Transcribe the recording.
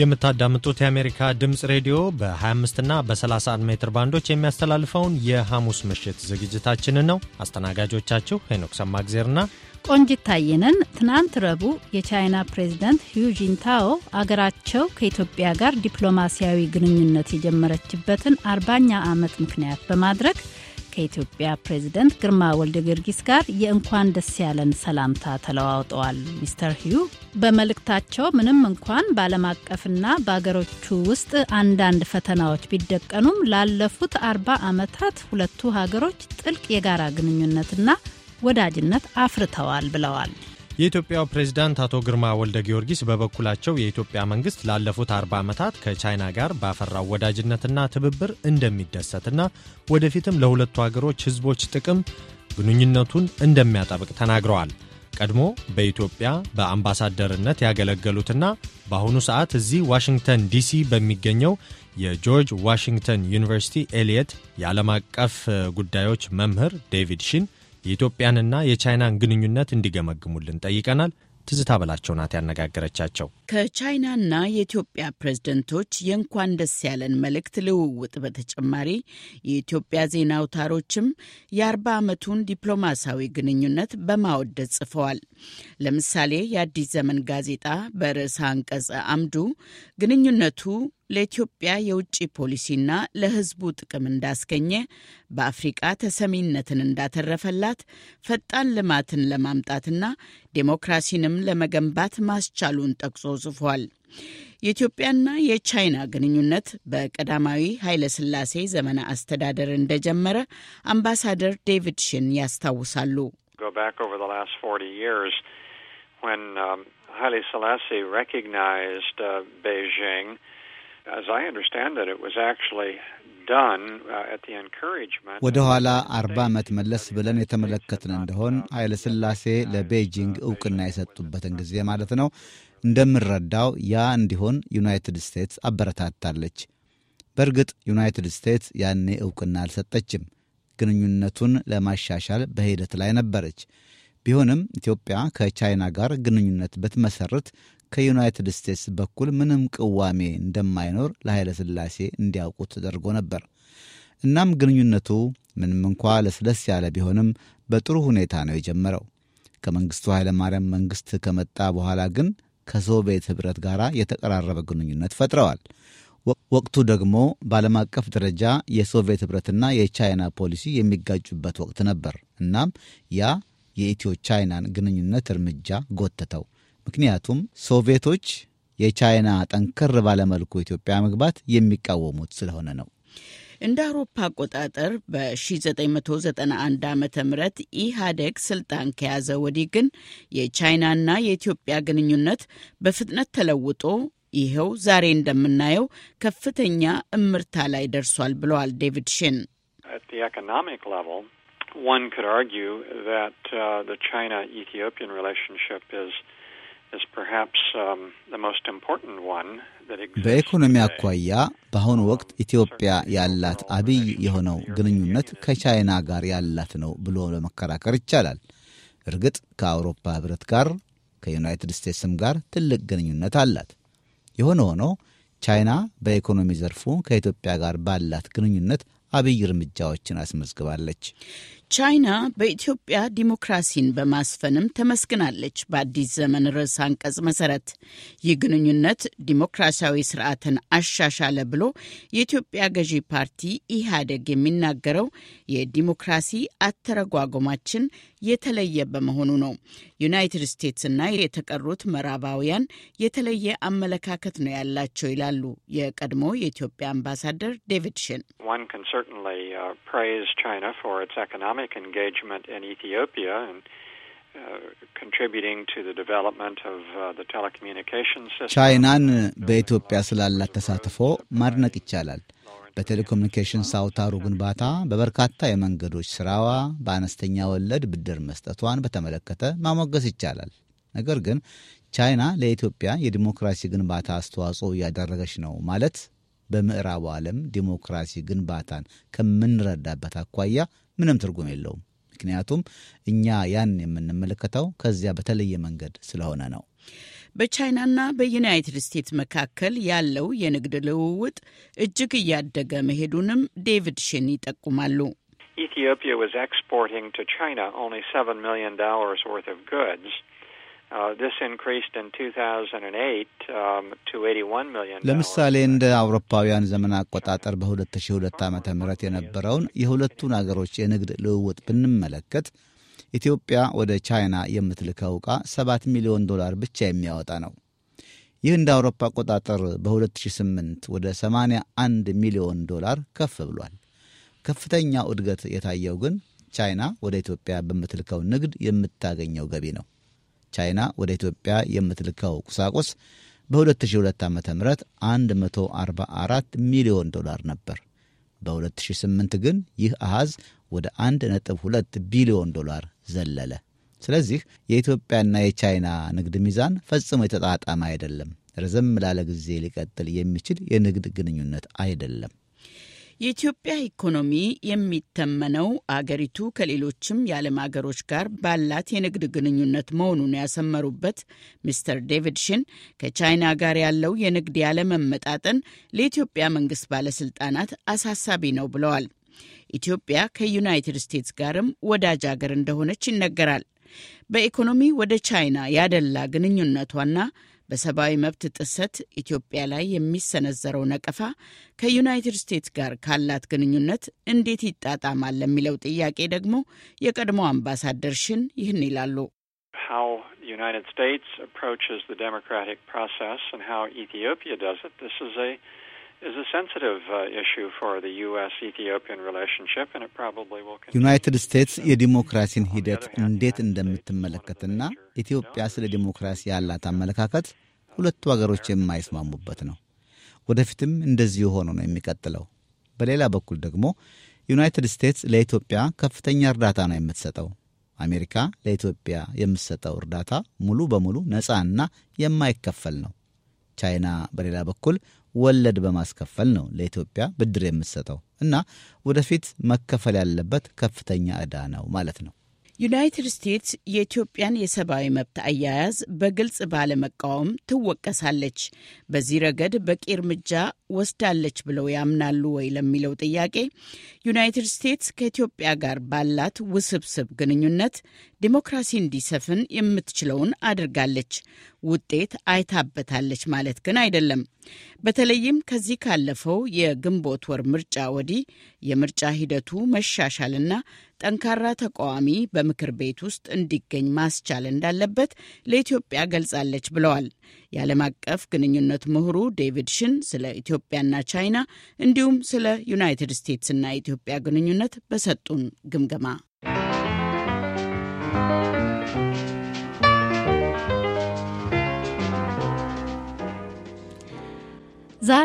የምታዳምጡት የአሜሪካ ድምፅ ሬዲዮ በ25 እና በ31 ሜትር ባንዶች የሚያስተላልፈውን የሐሙስ ምሽት ዝግጅታችንን ነው። አስተናጋጆቻችሁ ሄኖክ ሰማግዜርና ቆንጂት ታየነን። ትናንት ረቡዕ የቻይና ፕሬዝደንት ሂዩጂንታኦ አገራቸው ከኢትዮጵያ ጋር ዲፕሎማሲያዊ ግንኙነት የጀመረችበትን አርባኛ ዓመት ምክንያት በማድረግ ከኢትዮጵያ ፕሬዝደንት ግርማ ወልደ ጊዮርጊስ ጋር የእንኳን ደስ ያለን ሰላምታ ተለዋውጠዋል። ሚስተር ሂዩ በመልእክታቸው ምንም እንኳን በዓለም አቀፍና በአገሮቹ ውስጥ አንዳንድ ፈተናዎች ቢደቀኑም ላለፉት አርባ ዓመታት ሁለቱ ሀገሮች ጥልቅ የጋራ ግንኙነትና ወዳጅነት አፍርተዋል ብለዋል። የኢትዮጵያው ፕሬዝዳንት አቶ ግርማ ወልደ ጊዮርጊስ በበኩላቸው የኢትዮጵያ መንግስት ላለፉት 40 ዓመታት ከቻይና ጋር ባፈራው ወዳጅነትና ትብብር እንደሚደሰትና ወደፊትም ለሁለቱ አገሮች ህዝቦች ጥቅም ግንኙነቱን እንደሚያጠብቅ ተናግረዋል። ቀድሞ በኢትዮጵያ በአምባሳደርነት ያገለገሉትና በአሁኑ ሰዓት እዚህ ዋሽንግተን ዲሲ በሚገኘው የጆርጅ ዋሽንግተን ዩኒቨርሲቲ ኤልየት የዓለም አቀፍ ጉዳዮች መምህር ዴቪድ ሺን የኢትዮጵያንና የቻይናን ግንኙነት እንዲገመግሙልን ጠይቀናል። ትዝታ በላቸው ናት ያነጋገረቻቸው። ከቻይናና የኢትዮጵያ ፕሬዝደንቶች የእንኳን ደስ ያለን መልእክት ልውውጥ በተጨማሪ የኢትዮጵያ ዜና አውታሮችም የአርባ ዓመቱን ዲፕሎማሲያዊ ግንኙነት በማወደድ ጽፈዋል። ለምሳሌ የአዲስ ዘመን ጋዜጣ በርዕሰ አንቀጽ አምዱ ግንኙነቱ ለኢትዮጵያ የውጭ ፖሊሲና ለሕዝቡ ጥቅም እንዳስገኘ፣ በአፍሪቃ ተሰሚነትን እንዳተረፈላት፣ ፈጣን ልማትን ለማምጣትና ዴሞክራሲንም ለመገንባት ማስቻሉን ጠቅሶ ጽፏል። የኢትዮጵያና የቻይና ግንኙነት በቀዳማዊ ኃይለሥላሴ ዘመነ አስተዳደር እንደጀመረ አምባሳደር ዴቪድ ሽን ያስታውሳሉ። um, ኃይሌ ሥላሴ as I understand it, it was actually done uh, at the encouragement. ወደ ኋላ አርባ ዓመት መለስ ብለን የተመለከትን እንደሆን ኃይለ ሥላሴ ለቤጂንግ uh, እውቅና የሰጡበትን ጊዜ ማለት ነው። እንደምረዳው ያ እንዲሆን ዩናይትድ ስቴትስ አበረታታለች። በእርግጥ ዩናይትድ ስቴትስ ያኔ እውቅና አልሰጠችም። ግንኙነቱን ለማሻሻል በሂደት ላይ ነበረች። ቢሆንም ኢትዮጵያ ከቻይና ጋር ግንኙነት ብትመሰርት ከዩናይትድ ስቴትስ በኩል ምንም ቅዋሜ እንደማይኖር ለኃይለ ሥላሴ እንዲያውቁ ተደርጎ ነበር። እናም ግንኙነቱ ምንም እንኳ ለስለስ ያለ ቢሆንም በጥሩ ሁኔታ ነው የጀመረው። ከመንግሥቱ ኃይለማርያም መንግሥት ከመጣ በኋላ ግን ከሶቪየት ኅብረት ጋር የተቀራረበ ግንኙነት ፈጥረዋል። ወቅቱ ደግሞ በዓለም አቀፍ ደረጃ የሶቪየት ኅብረትና የቻይና ፖሊሲ የሚጋጩበት ወቅት ነበር። እናም ያ የኢትዮ ቻይናን ግንኙነት እርምጃ ጎተተው። ምክንያቱም ሶቪየቶች የቻይና ጠንከር ባለመልኩ ኢትዮጵያ መግባት የሚቃወሙት ስለሆነ ነው። እንደ አውሮፓ አቆጣጠር በ1991 ዓ ም ኢህአዴግ ስልጣን ከያዘ ወዲህ ግን የቻይናና የኢትዮጵያ ግንኙነት በፍጥነት ተለውጦ ይኸው ዛሬ እንደምናየው ከፍተኛ እምርታ ላይ ደርሷል ብለዋል ዴቪድ ሽን። One could argue that uh, the China Ethiopian relationship is Um, በኢኮኖሚ አኳያ በአሁኑ ወቅት ኢትዮጵያ ያላት አብይ የሆነው ግንኙነት ከቻይና ጋር ያላት ነው ብሎ ለመከራከር ይቻላል። እርግጥ ከአውሮፓ ሕብረት ጋር ከዩናይትድ ስቴትስም ጋር ትልቅ ግንኙነት አላት። የሆነ ሆኖ ቻይና በኢኮኖሚ ዘርፉ ከኢትዮጵያ ጋር ባላት ግንኙነት አብይ እርምጃዎችን አስመዝግባለች። ቻይና በኢትዮጵያ ዲሞክራሲን በማስፈንም ተመስግናለች። በአዲስ ዘመን ርዕስ አንቀጽ መሰረት ይህ ግንኙነት ዲሞክራሲያዊ ስርዓትን አሻሻለ ብሎ የኢትዮጵያ ገዢ ፓርቲ ኢህአዴግ የሚናገረው የዲሞክራሲ አተረጓጎማችን የተለየ በመሆኑ ነው። ዩናይትድ ስቴትስና የተቀሩት ምዕራባውያን የተለየ አመለካከት ነው ያላቸው ይላሉ የቀድሞ የኢትዮጵያ አምባሳደር ዴቪድ ሽን economic engagement in Ethiopia and uh, uh, ቻይናን በኢትዮጵያ ስላላት ተሳትፎ ማድነቅ ይቻላል። በቴሌኮሙኒኬሽንስ አውታሩ ግንባታ፣ በበርካታ የመንገዶች ስራዋ፣ በአነስተኛ ወለድ ብድር መስጠቷን በተመለከተ ማሞገስ ይቻላል። ነገር ግን ቻይና ለኢትዮጵያ የዲሞክራሲ ግንባታ አስተዋጽኦ እያደረገች ነው ማለት በምዕራቡ ዓለም ዲሞክራሲ ግንባታን ከምንረዳበት አኳያ ምንም ትርጉም የለውም። ምክንያቱም እኛ ያን የምንመለከተው ከዚያ በተለየ መንገድ ስለሆነ ነው። በቻይናና በዩናይትድ ስቴትስ መካከል ያለው የንግድ ልውውጥ እጅግ እያደገ መሄዱንም ዴቪድ ሽን ይጠቁማሉ። ኢትዮጵያ was exporting to China only 7 million Uh, um, ለምሳሌ እንደ አውሮፓውያን ዘመን አቆጣጠር በ2002 ዓ ም የነበረውን የሁለቱን አገሮች የንግድ ልውውጥ ብንመለከት ኢትዮጵያ ወደ ቻይና የምትልከው ዕቃ 7 ሚሊዮን ዶላር ብቻ የሚያወጣ ነው። ይህ እንደ አውሮፓ አቆጣጠር በ2008 ወደ 81 ሚሊዮን ዶላር ከፍ ብሏል። ከፍተኛው እድገት የታየው ግን ቻይና ወደ ኢትዮጵያ በምትልከው ንግድ የምታገኘው ገቢ ነው። ቻይና ወደ ኢትዮጵያ የምትልከው ቁሳቁስ በ2002 ዓ ም 144 ሚሊዮን ዶላር ነበር። በ2008 ግን ይህ አሃዝ ወደ 1.2 ቢሊዮን ዶላር ዘለለ። ስለዚህ የኢትዮጵያና የቻይና ንግድ ሚዛን ፈጽሞ የተጣጣመ አይደለም። ረዘም ላለ ጊዜ ሊቀጥል የሚችል የንግድ ግንኙነት አይደለም። የኢትዮጵያ ኢኮኖሚ የሚተመነው አገሪቱ ከሌሎችም የዓለም አገሮች ጋር ባላት የንግድ ግንኙነት መሆኑን ያሰመሩበት ሚስተር ዴቪድ ሽን ከቻይና ጋር ያለው የንግድ ያለመመጣጠን ለኢትዮጵያ መንግስት ባለስልጣናት አሳሳቢ ነው ብለዋል። ኢትዮጵያ ከዩናይትድ ስቴትስ ጋርም ወዳጅ አገር እንደሆነች ይነገራል። በኢኮኖሚ ወደ ቻይና ያደላ ግንኙነቷና በሰብአዊ መብት ጥሰት ኢትዮጵያ ላይ የሚሰነዘረው ነቀፋ ከዩናይትድ ስቴትስ ጋር ካላት ግንኙነት እንዴት ይጣጣማል ለሚለው ጥያቄ ደግሞ የቀድሞ አምባሳደር ሽን ይህን ይላሉ። ዩናይትድ ስቴትስ ዩናይትድ ስቴትስ uh, የዲሞክራሲን ሂደት እንዴት እንደምትመለከትና ኢትዮጵያ ስለ ዲሞክራሲ ያላት አመለካከት ሁለቱ አገሮች የማይስማሙበት ነው። ወደፊትም እንደዚሁ ሆኖ ነው የሚቀጥለው። በሌላ በኩል ደግሞ ዩናይትድ ስቴትስ ለኢትዮጵያ ከፍተኛ እርዳታ ነው የምትሰጠው። አሜሪካ ለኢትዮጵያ የምትሰጠው እርዳታ ሙሉ በሙሉ ነፃና የማይከፈል ነው። ቻይና በሌላ በኩል ወለድ በማስከፈል ነው ለኢትዮጵያ ብድር የምትሰጠው እና ወደፊት መከፈል ያለበት ከፍተኛ ዕዳ ነው ማለት ነው። ዩናይትድ ስቴትስ የኢትዮጵያን የሰብአዊ መብት አያያዝ በግልጽ ባለመቃወም ትወቀሳለች። በዚህ ረገድ በቂ እርምጃ ወስዳለች ብለው ያምናሉ ወይ ለሚለው ጥያቄ ዩናይትድ ስቴትስ ከኢትዮጵያ ጋር ባላት ውስብስብ ግንኙነት ዲሞክራሲ እንዲሰፍን የምትችለውን አድርጋለች። ውጤት አይታበታለች ማለት ግን አይደለም። በተለይም ከዚህ ካለፈው የግንቦት ወር ምርጫ ወዲህ የምርጫ ሂደቱ መሻሻልና ጠንካራ ተቃዋሚ በምክር ቤት ውስጥ እንዲገኝ ማስቻል እንዳለበት ለኢትዮጵያ ገልጻለች ብለዋል። የዓለም አቀፍ ግንኙነት ምሁሩ ዴቪድ ሽን ስለ ኢትዮጵያና ቻይና እንዲሁም ስለ ዩናይትድ ስቴትስና ኢትዮጵያ ግንኙነት በሰጡን ግምገማ